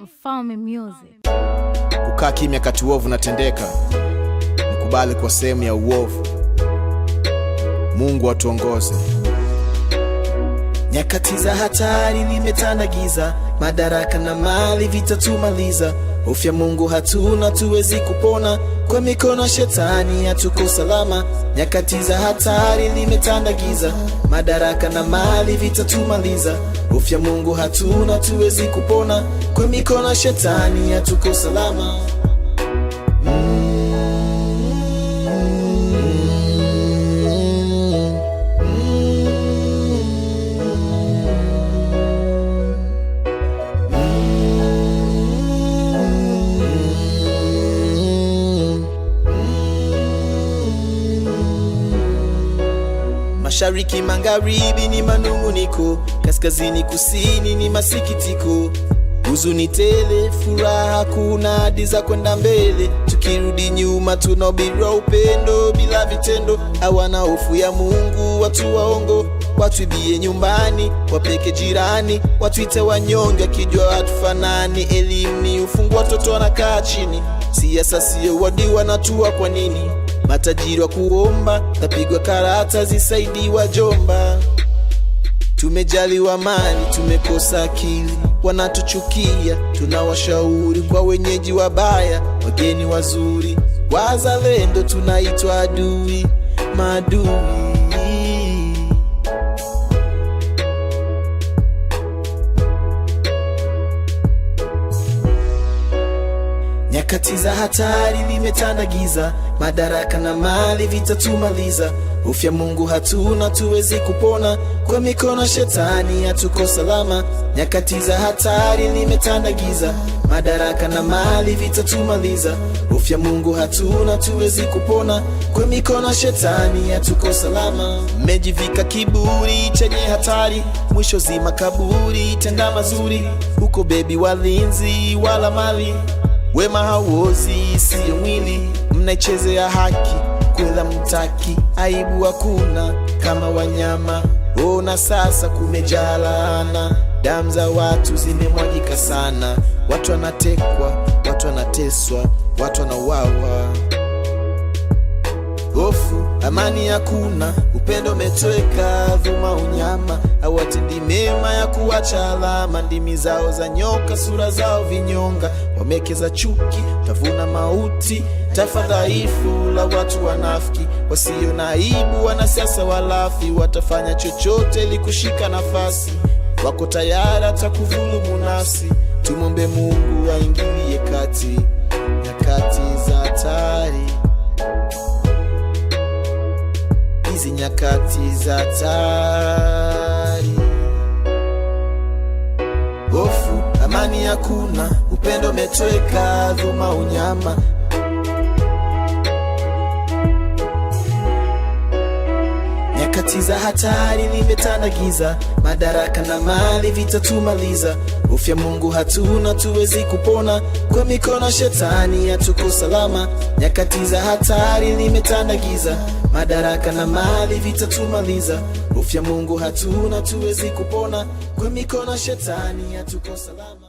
Mfalme Music. Kukaa kimya kati uovu unatendeka, nikubali kwa sehemu ya uovu. Mungu atuongoze. Nyakati za hatari, limetanda giza, madaraka na mali vitatumaliza Hofu ya Mungu hatuna, tuwezi kupona kwa mikono shetani, hatuko salama. Nyakati za hatari limetanda giza, madaraka na mali vitatumaliza. Hofu ya Mungu hatuna, tuwezi kupona kwa mikono shetani, hatuko salama. Mashariki, magharibi ni manunguniko, kaskazini, kusini ni masikitiko. Huzuni tele, furaha kuna hadi za kwenda mbele. Tukirudi nyuma, tunaobirwa upendo bila vitendo. Hawana hofu ya Mungu watu waongo, watwibie nyumbani, wapeke jirani, watwite wanyonge, akijua hatufanani. Elimu ni ufungu watoto wanakaa chini. Siasa sio wadiwa wanatua kwa nini? matajiri kuomba, tapigwa karata zisaidiwa jomba. Tumejaliwa mali, tumekosa akili, wanatuchukia. Tunawashauri kwa wenyeji wabaya, wageni wazuri, wazalendo tunaitwa adui, maadui Nyakati za hatari limetanda giza, madaraka na mali vitatumaliza. Hofu Mungu hatuna, tuwezi kupona, kwa mikono shetani hatuko salama. Nyakati za hatari limetanda giza, madaraka na mali vitatumaliza. Hofu Mungu hatuna, tuwezi kupona, kwa mikono shetani hatuko salama. mejivika kiburi chenye hatari, mwisho zima kaburi, tenda mazuri, huko bebi walinzi wala mali Wema hauozi, isi mwili, mnaichezea haki, kwela mtaki, aibu hakuna kama wanyama. Ona sasa kumejaa laana, damu za watu zimemwagika sana, watu wanatekwa, watu wanateswa, watu wanauawa amani hakuna, upendo umetweka, vuma unyama, hawatendi mema ya kuwacha alama. Ndimi zao za nyoka, sura zao vinyonga, wamekeza chuki, tavuna mauti, taifa dhaifu la watu wanafiki, wasio na aibu, wanasiasa walafi, watafanya chochote ili kushika nafasi, wako tayari hata kudhulumu nafsi. Tumombe Mungu aingilie kati nyakati za hatari. nyakati za hatari. Hofu, amani hakuna, upendo metweka dhuma, unyama Nyakati za hatari limetanda giza, madaraka na mali vitatumaliza. Ufya Mungu hatuna, tuwezi kupona kwa mikono shetani, hatuko salama. Nyakati za hatari limetanda giza, madaraka na mali vitatumaliza. Ufya Mungu hatuna, tuwezi kupona kwa mikono shetani, hatuko salama.